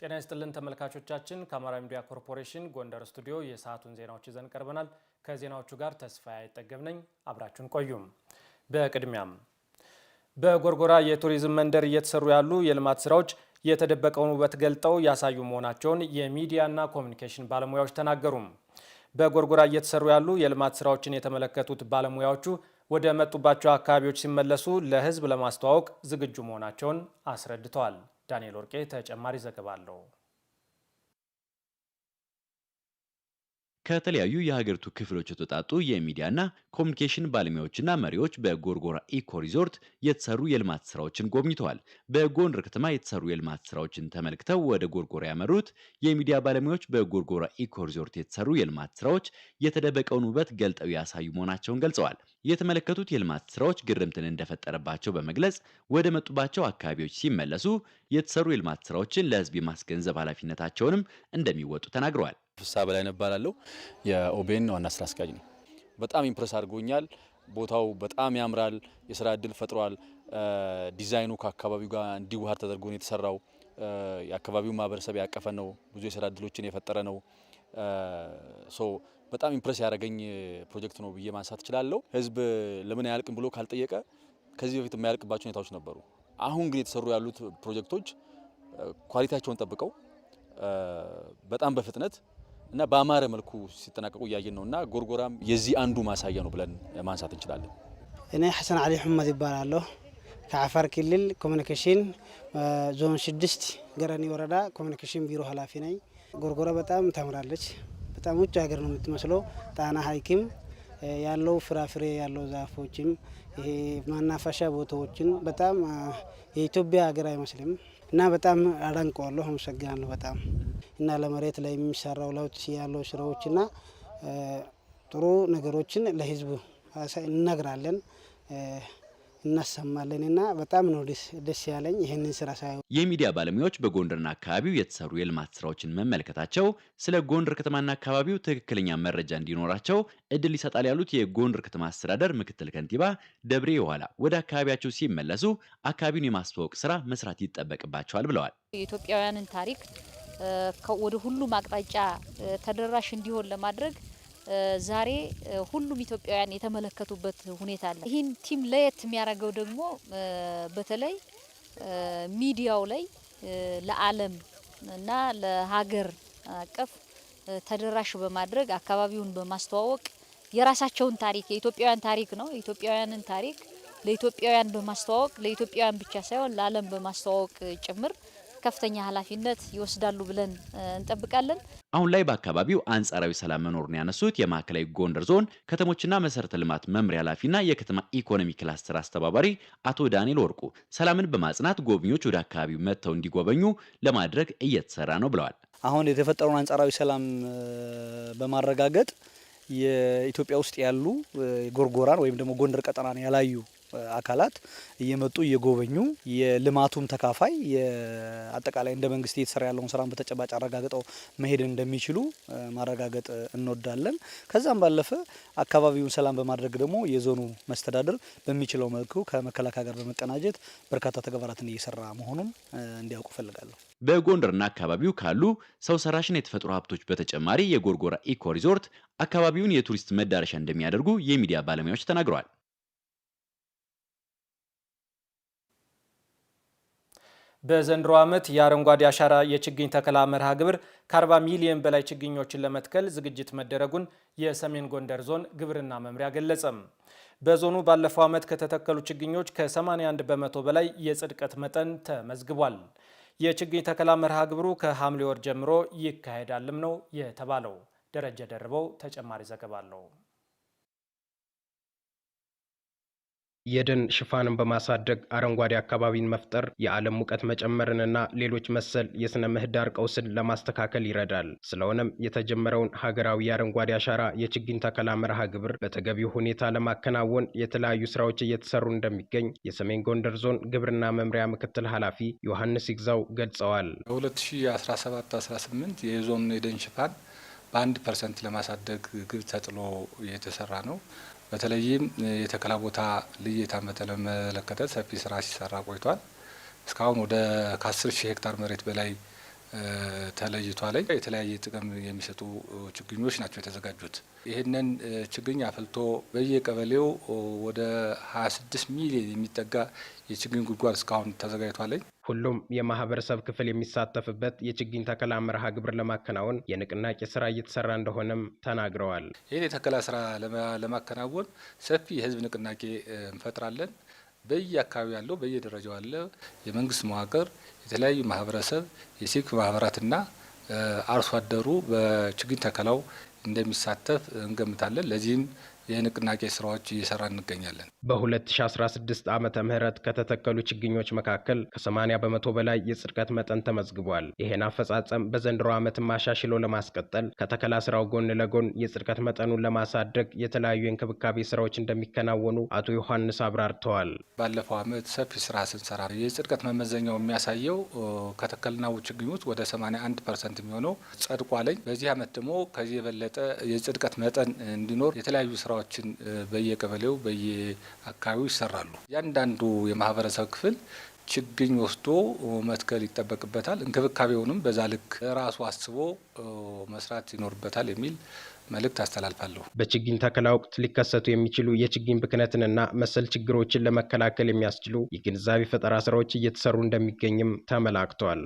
ጤና ይስጥልን ተመልካቾቻችን፣ ከአማራ ሚዲያ ኮርፖሬሽን ጎንደር ስቱዲዮ የሰዓቱን ዜናዎች ይዘን ቀርበናል። ከዜናዎቹ ጋር ተስፋ አይጠገብ ነኝ፣ አብራችሁን ቆዩም። በቅድሚያም በጎርጎራ የቱሪዝም መንደር እየተሰሩ ያሉ የልማት ስራዎች የተደበቀውን ውበት ገልጠው ያሳዩ መሆናቸውን የሚዲያና ኮሚኒኬሽን ባለሙያዎች ተናገሩም። በጎርጎራ እየተሰሩ ያሉ የልማት ስራዎችን የተመለከቱት ባለሙያዎቹ ወደ መጡባቸው አካባቢዎች ሲመለሱ ለሕዝብ ለማስተዋወቅ ዝግጁ መሆናቸውን አስረድተዋል። ዳንኤል ወርቄ ተጨማሪ ዘገባ አለው። ከተለያዩ የሀገሪቱ ክፍሎች የተውጣጡ የሚዲያና ኮሚኒኬሽን ባለሙያዎችና መሪዎች በጎርጎራ ኢኮ ሪዞርት የተሰሩ የልማት ስራዎችን ጎብኝተዋል። በጎንደር ከተማ የተሰሩ የልማት ስራዎችን ተመልክተው ወደ ጎርጎራ ያመሩት የሚዲያ ባለሙያዎች በጎርጎራ ኢኮ ሪዞርት የተሰሩ የልማት ስራዎች የተደበቀውን ውበት ገልጠው ያሳዩ መሆናቸውን ገልጸዋል። የተመለከቱት የልማት ስራዎች ግርምትን እንደፈጠረባቸው በመግለጽ ወደ መጡባቸው አካባቢዎች ሲመለሱ የተሰሩ የልማት ስራዎችን ለህዝብ የማስገንዘብ ኃላፊነታቸውንም እንደሚወጡ ተናግረዋል። ፍሳ በላይ እባላለሁ። የኦቤን ዋና ስራ አስኪያጅ ነው። በጣም ኢምፕረስ አድርጎኛል። ቦታው በጣም ያምራል፣ የስራ እድል ፈጥሯል። ዲዛይኑ ከአካባቢው ጋር እንዲዋሃድ ተደርጎ ነው የተሰራው። የአካባቢው ማህበረሰብ ያቀፈ ነው፣ ብዙ የስራ እድሎችን የፈጠረ ነው። ሶ በጣም ኢምፕረስ ያደረገኝ ፕሮጀክት ነው ብዬ ማንሳት እችላለሁ። ህዝብ ለምን አያልቅም ብሎ ካልጠየቀ ከዚህ በፊት የማያልቅባቸው ሁኔታዎች ነበሩ። አሁን ግን የተሰሩ ያሉት ፕሮጀክቶች ኳሊቲያቸውን ጠብቀው በጣም በፍጥነት እና በአማረ መልኩ ሲጠናቀቁ እያየን ነው እና ጎርጎራም የዚህ አንዱ ማሳያ ነው ብለን ማንሳት እንችላለን። እኔ ሐሰን አሊ ሑመድ ይባላለሁ። ከአፋር ክልል ኮሚኒኬሽን ዞን ስድስት ገረኒ ወረዳ ኮሚኒኬሽን ቢሮ ኃላፊ ነኝ። ጎርጎራ በጣም ታምራለች። በጣም ውጭ ሀገር ነው የምትመስለው። ጣና ሐይክም ያለው ፍራፍሬ ያለው ዛፎችም ይሄ ማናፈሻ ቦታዎችን በጣም የኢትዮጵያ ሀገር አይመስልም እና በጣም አደንቀዋለሁ። አመሰግናለሁ በጣም እና ለመሬት ላይ የሚሰራው ለውጥ ያለው ስራዎችና ጥሩ ነገሮችን ለህዝቡ እነግራለን እናሰማለን እና በጣም ነው ደስ ያለኝ ይህንን ስራ ሳይ። የሚዲያ ባለሙያዎች በጎንደርና አካባቢው የተሰሩ የልማት ስራዎችን መመልከታቸው ስለ ጎንደር ከተማና አካባቢው ትክክለኛ መረጃ እንዲኖራቸው እድል ይሰጣል ያሉት የጎንደር ከተማ አስተዳደር ምክትል ከንቲባ ደብሬ የኋላ ወደ አካባቢያቸው ሲመለሱ አካባቢውን የማስተዋወቅ ስራ መስራት ይጠበቅባቸዋል ብለዋል። የኢትዮጵያውያንን ታሪክ ወደ ሁሉም አቅጣጫ ተደራሽ እንዲሆን ለማድረግ ዛሬ ሁሉም ኢትዮጵያውያን የተመለከቱበት ሁኔታ አለ። ይህን ቲም ለየት የሚያደርገው ደግሞ በተለይ ሚዲያው ላይ ለዓለም እና ለሀገር አቀፍ ተደራሽ በማድረግ አካባቢውን በማስተዋወቅ የራሳቸውን ታሪክ የኢትዮጵያውያን ታሪክ ነው። የኢትዮጵያውያንን ታሪክ ለኢትዮጵያውያን በማስተዋወቅ ለኢትዮጵያውያን ብቻ ሳይሆን ለዓለም በማስተዋወቅ ጭምር ከፍተኛ ኃላፊነት ይወስዳሉ ብለን እንጠብቃለን። አሁን ላይ በአካባቢው አንጻራዊ ሰላም መኖሩን ያነሱት የማዕከላዊ ጎንደር ዞን ከተሞችና መሰረተ ልማት መምሪያ ኃላፊና የከተማ ኢኮኖሚ ክላስተር አስተባባሪ አቶ ዳንኤል ወርቁ ሰላምን በማጽናት ጎብኚዎች ወደ አካባቢው መጥተው እንዲጎበኙ ለማድረግ እየተሰራ ነው ብለዋል። አሁን የተፈጠረውን አንጻራዊ ሰላም በማረጋገጥ የኢትዮጵያ ውስጥ ያሉ ጎርጎራን ወይም ደግሞ ጎንደር ቀጠናን ያላዩ አካላት እየመጡ እየጎበኙ የልማቱም ተካፋይ አጠቃላይ እንደ መንግስት እየተሰራ ያለውን ስራን በተጨባጭ አረጋግጠው መሄድ እንደሚችሉ ማረጋገጥ እንወዳለን። ከዛም ባለፈ አካባቢውን ሰላም በማድረግ ደግሞ የዞኑ መስተዳድር በሚችለው መልኩ ከመከላከያ ጋር በመቀናጀት በርካታ ተግባራትን እየሰራ መሆኑን እንዲያውቁ እፈልጋለሁ። በጎንደርና አካባቢው ካሉ ሰው ሰራሽና የተፈጥሮ ሀብቶች በተጨማሪ የጎርጎራ ኢኮ ሪዞርት አካባቢውን የቱሪስት መዳረሻ እንደሚያደርጉ የሚዲያ ባለሙያዎች ተናግረዋል። በዘንድሮ ዓመት የአረንጓዴ አሻራ የችግኝ ተከላ መርሃ ግብር ከ40 ሚሊዮን በላይ ችግኞችን ለመትከል ዝግጅት መደረጉን የሰሜን ጎንደር ዞን ግብርና መምሪያ ገለጸም። በዞኑ ባለፈው ዓመት ከተተከሉ ችግኞች ከ81 በመቶ በላይ የጽድቀት መጠን ተመዝግቧል። የችግኝ ተከላ መርሃ ግብሩ ከሐምሌ ወር ጀምሮ ይካሄዳልም ነው የተባለው። ደረጀ ደርበው ተጨማሪ ዘገባ አለው። የደን ሽፋንን በማሳደግ አረንጓዴ አካባቢን መፍጠር የዓለም ሙቀት መጨመርንና ሌሎች መሰል የሥነ ምህዳር ቀውስን ለማስተካከል ይረዳል። ስለሆነም የተጀመረውን ሀገራዊ የአረንጓዴ አሻራ የችግኝ ተከላ መርሃ ግብር በተገቢው ሁኔታ ለማከናወን የተለያዩ ስራዎች እየተሰሩ እንደሚገኝ የሰሜን ጎንደር ዞን ግብርና መምሪያ ምክትል ኃላፊ ዮሐንስ ይግዛው ገልጸዋል። በ2017/18 የዞን የደን ሽፋን በአንድ ፐርሰንት ለማሳደግ ግብ ተጥሎ የተሰራ ነው። በተለይም የተከላ ቦታ ልየታን በተመለከተ ሰፊ ስራ ሲሰራ ቆይቷል። እስካሁን ወደ ከአስር ሺህ ሄክታር መሬት በላይ ተለይቷል። የተለያየ ጥቅም የሚሰጡ ችግኞች ናቸው የተዘጋጁት። ይህንን ችግኝ አፍልቶ በየቀበሌው ወደ 26 ሚሊዮን የሚጠጋ የችግኝ ጉድጓድ እስካሁን ተዘጋጅቷለኝ። ሁሉም የማህበረሰብ ክፍል የሚሳተፍበት የችግኝ ተከላ መርሃ ግብር ለማከናወን የንቅናቄ ስራ እየተሰራ እንደሆነም ተናግረዋል። ይህን የተከላ ስራ ለማከናወን ሰፊ የህዝብ ንቅናቄ እንፈጥራለን። በየአካባቢ ያለው በየደረጃው ያለ የመንግስት መዋቅር፣ የተለያዩ ማህበረሰብ፣ የሲቪክ ማህበራትና አርሶ አደሩ በችግኝ ተከላው እንደሚሳተፍ እንገምታለን። ለዚህም የንቅናቄ ስራዎች እየሰራ እንገኛለን። በ2016 ዓመተ ምህረት ከተተከሉ ችግኞች መካከል ከ80 በመቶ በላይ የጽድቀት መጠን ተመዝግቧል። ይህን አፈጻጸም በዘንድሮ ዓመት ማሻሽሎ ለማስቀጠል ከተከላ ስራው ጎን ለጎን የጽድቀት መጠኑን ለማሳደግ የተለያዩ የእንክብካቤ ስራዎች እንደሚከናወኑ አቶ ዮሐንስ አብራርተዋል። ባለፈው ዓመት ሰፊ ስራ ስንሰራ የጽድቀት መመዘኛው የሚያሳየው ከተከልናው ችግኞች ወደ 81 ፐርሰንት የሚሆነው ጸድቋለኝ። በዚህ ዓመት ደግሞ ከዚህ የበለጠ የጽድቀት መጠን እንዲኖር የተለያዩ ስራ ስራዎችን በየቀበሌው በየአካባቢው ይሰራሉ። እያንዳንዱ የማህበረሰብ ክፍል ችግኝ ወስዶ መትከል ይጠበቅበታል። እንክብካቤውንም በዛ ልክ ራሱ አስቦ መስራት ይኖርበታል የሚል መልእክት አስተላልፋለሁ። በችግኝ ተከላ ወቅት ሊከሰቱ የሚችሉ የችግኝ ብክነትንና መሰል ችግሮችን ለመከላከል የሚያስችሉ የግንዛቤ ፈጠራ ስራዎች እየተሰሩ እንደሚገኝም ተመላክቷል።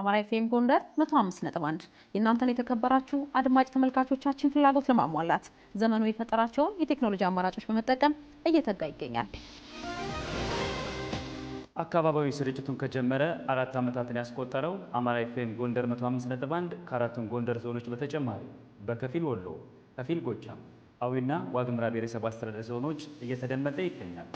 አማራ ኤፍኤም ጎንደር 105.1 የእናንተን የተከበራችሁ አድማጭ ተመልካቾቻችን ፍላጎት ለማሟላት ዘመኑ የፈጠራቸውን የቴክኖሎጂ አማራጮች በመጠቀም እየተጋ ይገኛል። አካባቢያዊ ስርጭቱን ከጀመረ አራት ዓመታትን ያስቆጠረው አማራ ኤፍኤም ጎንደር 105.1 ከአራቱም ጎንደር ዞኖች በተጨማሪ በከፊል ወሎ፣ ከፊል ጎጃም፣ አዊና ዋግምራ ብሔረሰብ አስተዳደር ዞኖች እየተደመጠ ይገኛል።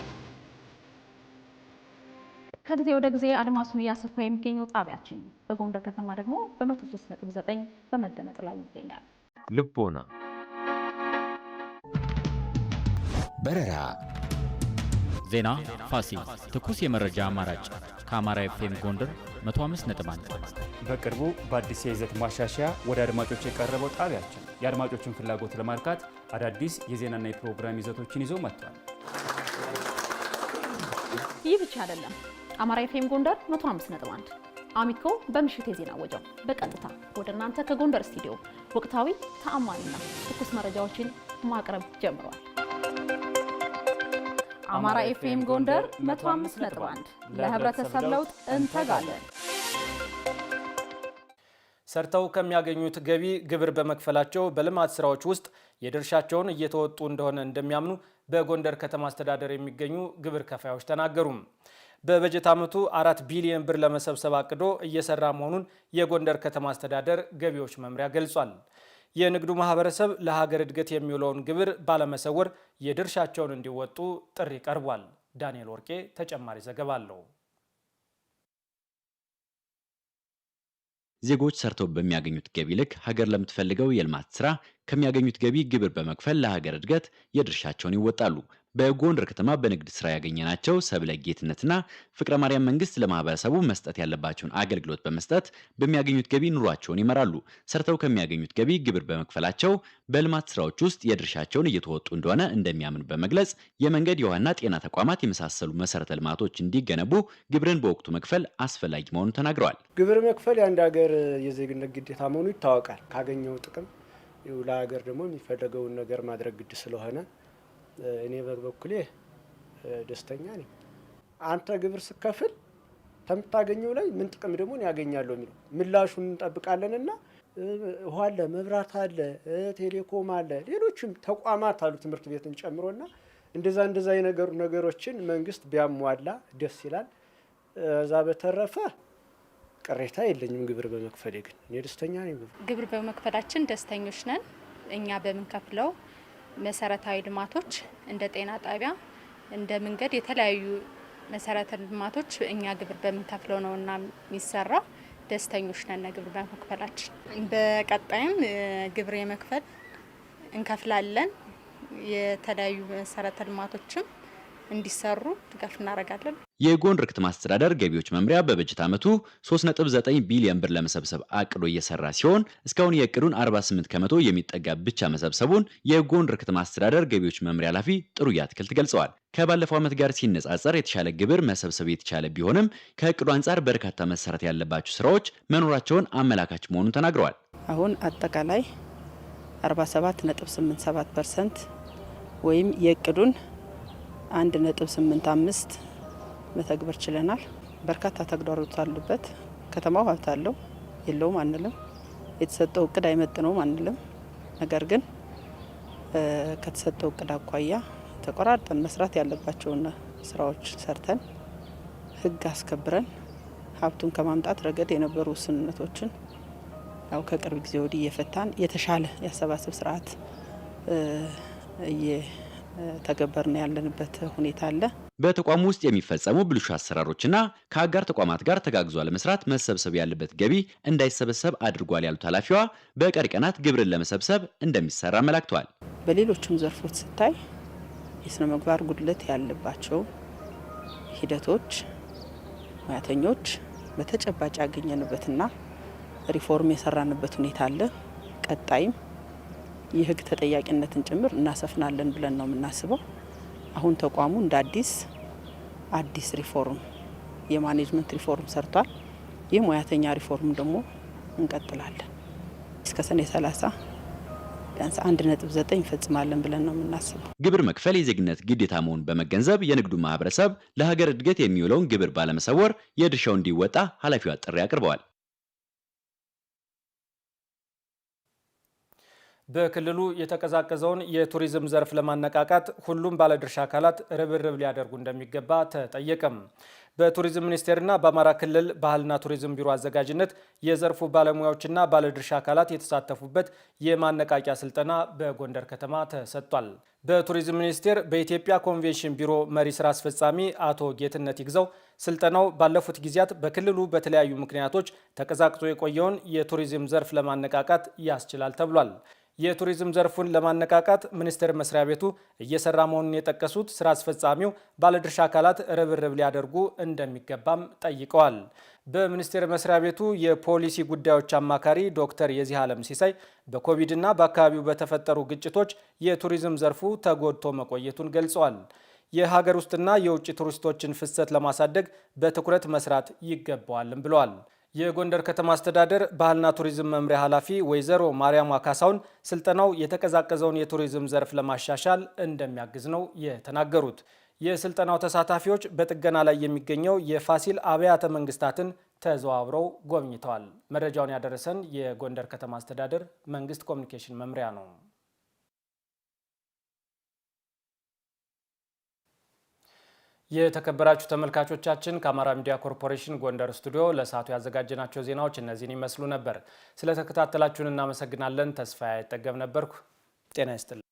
ከጊዜ ወደ ጊዜ አድማሱን እያሰፋ የሚገኘው ጣቢያችን በጎንደር ከተማ ደግሞ በመቶ ሶስት ነጥብ ዘጠኝ በመደመጥ ላይ ይገኛል። ልቦና፣ በረራ፣ ዜና ፋሲል ትኩስ የመረጃ አማራጭ ከአማራ ኤፍኤም ጎንደር 105.1 በቅርቡ በአዲስ የይዘት ማሻሻያ ወደ አድማጮች የቀረበው ጣቢያችን የአድማጮችን ፍላጎት ለማርካት አዳዲስ የዜናና የፕሮግራም ይዘቶችን ይዞ መጥቷል። ይህ ብቻ አይደለም። አማራ ኤፍኤም ጎንደር 1 አሚኮ በምሽት የዜና ወጃው በቀጥታ ወደ እናንተ ከጎንደር ስቱዲዮ ወቅታዊ ተአማኒና ትኩስ መረጃዎችን ማቅረብ ጀምሯል። አማራ ኤፍኤም ጎንደር 105.1 ለህብረተሰብ ለውጥ እንተጋለን። ሰርተው ከሚያገኙት ገቢ ግብር በመክፈላቸው በልማት ስራዎች ውስጥ የድርሻቸውን እየተወጡ እንደሆነ እንደሚያምኑ በጎንደር ከተማ አስተዳደር የሚገኙ ግብር ከፋዮች ተናገሩም። በበጀት ዓመቱ አራት ቢሊዮን ብር ለመሰብሰብ አቅዶ እየሰራ መሆኑን የጎንደር ከተማ አስተዳደር ገቢዎች መምሪያ ገልጿል። የንግዱ ማህበረሰብ ለሀገር እድገት የሚውለውን ግብር ባለመሰወር የድርሻቸውን እንዲወጡ ጥሪ ቀርቧል። ዳንኤል ወርቄ ተጨማሪ ዘገባ አለው። ዜጎች ሰርተው በሚያገኙት ገቢ ልክ ሀገር ለምትፈልገው የልማት ስራ ከሚያገኙት ገቢ ግብር በመክፈል ለሀገር እድገት የድርሻቸውን ይወጣሉ። በጎንደር ከተማ በንግድ ስራ ያገኘናቸው ሰብለ ጌትነትና ፍቅረ ማርያም መንግስት ለማህበረሰቡ መስጠት ያለባቸውን አገልግሎት በመስጠት በሚያገኙት ገቢ ኑሯቸውን ይመራሉ። ሰርተው ከሚያገኙት ገቢ ግብር በመክፈላቸው በልማት ስራዎች ውስጥ የድርሻቸውን እየተወጡ እንደሆነ እንደሚያምን በመግለጽ የመንገድ፣ የውሃና ጤና ተቋማት የመሳሰሉ መሰረተ ልማቶች እንዲገነቡ ግብርን በወቅቱ መክፈል አስፈላጊ መሆኑን ተናግረዋል። ግብር መክፈል የአንድ ሀገር የዜግነት ግዴታ መሆኑ ይታወቃል። ካገኘው ጥቅም ለሀገር ደግሞ የሚፈለገውን ነገር ማድረግ ግድ ስለሆነ እኔ በበኩሌ ደስተኛ ነኝ። አንተ ግብር ስከፍል ከምታገኘው ላይ ምን ጥቅም ደግሞ ያገኛለሁ የሚለው ምላሹ እንጠብቃለንና ውሃ አለ፣ መብራት አለ፣ ቴሌኮም አለ፣ ሌሎችም ተቋማት አሉ ትምህርት ቤትን ጨምሮና እንደዛ እንደዛ የነገሩ ነገሮችን መንግስት ቢያሟላ ደስ ይላል። እዛ በተረፈ ቅሬታ የለኝም። ግብር በመክፈሌ ግን እኔ ደስተኛ ነኝ። ግብር በመክፈላችን ደስተኞች ነን። እኛ በምንከፍለው መሰረታዊ ልማቶች እንደ ጤና ጣቢያ፣ እንደ መንገድ የተለያዩ መሰረተ ልማቶች እኛ ግብር በምንከፍለው ነው እና የሚሰራው ደስተኞች ነን ግብር በመክፈላችን። በቀጣይም ግብር የመክፈል እንከፍላለን። የተለያዩ መሰረተ ልማቶችም እንዲሰሩ ድጋፍ እናደርጋለን። የጎንደር ከተማ አስተዳደር ገቢዎች መምሪያ በበጀት ዓመቱ 3.9 ቢሊዮን ብር ለመሰብሰብ አቅዶ እየሰራ ሲሆን እስካሁን የእቅዱን 48 ከመቶ የሚጠጋ ብቻ መሰብሰቡን የጎንደር ከተማ አስተዳደር ገቢዎች መምሪያ ኃላፊ ጥሩዬ አትክልት ገልጸዋል። ከባለፈው ዓመት ጋር ሲነጻጸር የተሻለ ግብር መሰብሰብ የተቻለ ቢሆንም ከእቅዱ አንጻር በርካታ መሰረት ያለባቸው ስራዎች መኖራቸውን አመላካች መሆኑን ተናግረዋል። አሁን አጠቃላይ 47.87 ፐርሰንት ወይም የእቅዱን አንድ ነጥብ ስምንት አምስት መተግበር ችለናል። በርካታ ተግዳሮት አሉበት። ከተማው ሀብት አለው የለውም አንልም። የተሰጠው እቅድ አይመጥነውም አንልም። ነገር ግን ከተሰጠው እቅድ አኳያ ተቆራርጠን መስራት ያለባቸውን ስራዎች ሰርተን ህግ አስከብረን ሀብቱን ከማምጣት ረገድ የነበሩ ውስንነቶችን ያው ከቅርብ ጊዜ ወዲህ እየፈታን የተሻለ የአሰባሰብ ስርዓት ተገበርና ያለንበት ሁኔታ አለ። በተቋሙ ውስጥ የሚፈጸሙ ብልሹ አሰራሮችና ከአጋር ተቋማት ጋር ተጋግዞ ለመስራት መሰብሰብ ያለበት ገቢ እንዳይሰበሰብ አድርጓል ያሉት ኃላፊዋ በቀሪ ቀናት ግብርን ለመሰብሰብ እንደሚሰራ መላክተዋል። በሌሎችም ዘርፎች ስታይ የስነ ምግባር ጉድለት ያለባቸው ሂደቶች ሙያተኞች በተጨባጭ ያገኘንበትና ሪፎርም የሰራንበት ሁኔታ አለ። ቀጣይም የህግ ተጠያቂነትን ጭምር እናሰፍናለን ብለን ነው የምናስበው። አሁን ተቋሙ እንደ አዲስ አዲስ ሪፎርም የማኔጅመንት ሪፎርም ሰርቷል። ይህ ሙያተኛ ሪፎርም ደግሞ እንቀጥላለን እስከ ሰኔ 30 ቢያንስ 1.9 እንፈጽማለን ብለን ነው የምናስበው። ግብር መክፈል የዜግነት ግዴታ መሆኑን በመገንዘብ የንግዱ ማህበረሰብ ለሀገር እድገት የሚውለውን ግብር ባለመሰወር የድርሻው እንዲወጣ ኃላፊዋ ጥሪ አቅርበዋል። በክልሉ የተቀዛቀዘውን የቱሪዝም ዘርፍ ለማነቃቃት ሁሉም ባለድርሻ አካላት ርብርብ ሊያደርጉ እንደሚገባ ተጠየቀም። በቱሪዝም ሚኒስቴርና በአማራ ክልል ባህልና ቱሪዝም ቢሮ አዘጋጅነት የዘርፉ ባለሙያዎችና ባለድርሻ አካላት የተሳተፉበት የማነቃቂያ ስልጠና በጎንደር ከተማ ተሰጥቷል። በቱሪዝም ሚኒስቴር በኢትዮጵያ ኮንቬንሽን ቢሮ መሪ ስራ አስፈጻሚ አቶ ጌትነት ይግዘው ስልጠናው ባለፉት ጊዜያት በክልሉ በተለያዩ ምክንያቶች ተቀዛቅዞ የቆየውን የቱሪዝም ዘርፍ ለማነቃቃት ያስችላል ተብሏል። የቱሪዝም ዘርፉን ለማነቃቃት ሚኒስቴር መስሪያ ቤቱ እየሰራ መሆኑን የጠቀሱት ስራ አስፈጻሚው ባለድርሻ አካላት ርብርብ ሊያደርጉ እንደሚገባም ጠይቀዋል። በሚኒስቴር መስሪያ ቤቱ የፖሊሲ ጉዳዮች አማካሪ ዶክተር የዚህ ዓለም ሲሳይ በኮቪድና በአካባቢው በተፈጠሩ ግጭቶች የቱሪዝም ዘርፉ ተጎድቶ መቆየቱን ገልጸዋል። የሀገር ውስጥና የውጭ ቱሪስቶችን ፍሰት ለማሳደግ በትኩረት መስራት ይገባዋልም ብለዋል። የጎንደር ከተማ አስተዳደር ባህልና ቱሪዝም መምሪያ ኃላፊ ወይዘሮ ማርያም ካሳውን ስልጠናው የተቀዛቀዘውን የቱሪዝም ዘርፍ ለማሻሻል እንደሚያግዝ ነው የተናገሩት። የስልጠናው ተሳታፊዎች በጥገና ላይ የሚገኘው የፋሲል አብያተ መንግስታትን ተዘዋውረው ጎብኝተዋል። መረጃውን ያደረሰን የጎንደር ከተማ አስተዳደር መንግስት ኮሚኒኬሽን መምሪያ ነው። የተከበራችሁ ተመልካቾቻችን ከአማራ ሚዲያ ኮርፖሬሽን ጎንደር ስቱዲዮ ለሰዓቱ ያዘጋጀናቸው ዜናዎች እነዚህን ይመስሉ ነበር። ስለተከታተላችሁን እናመሰግናለን። ተስፋ አይጠገብ ነበርኩ። ጤና ይስጥልን።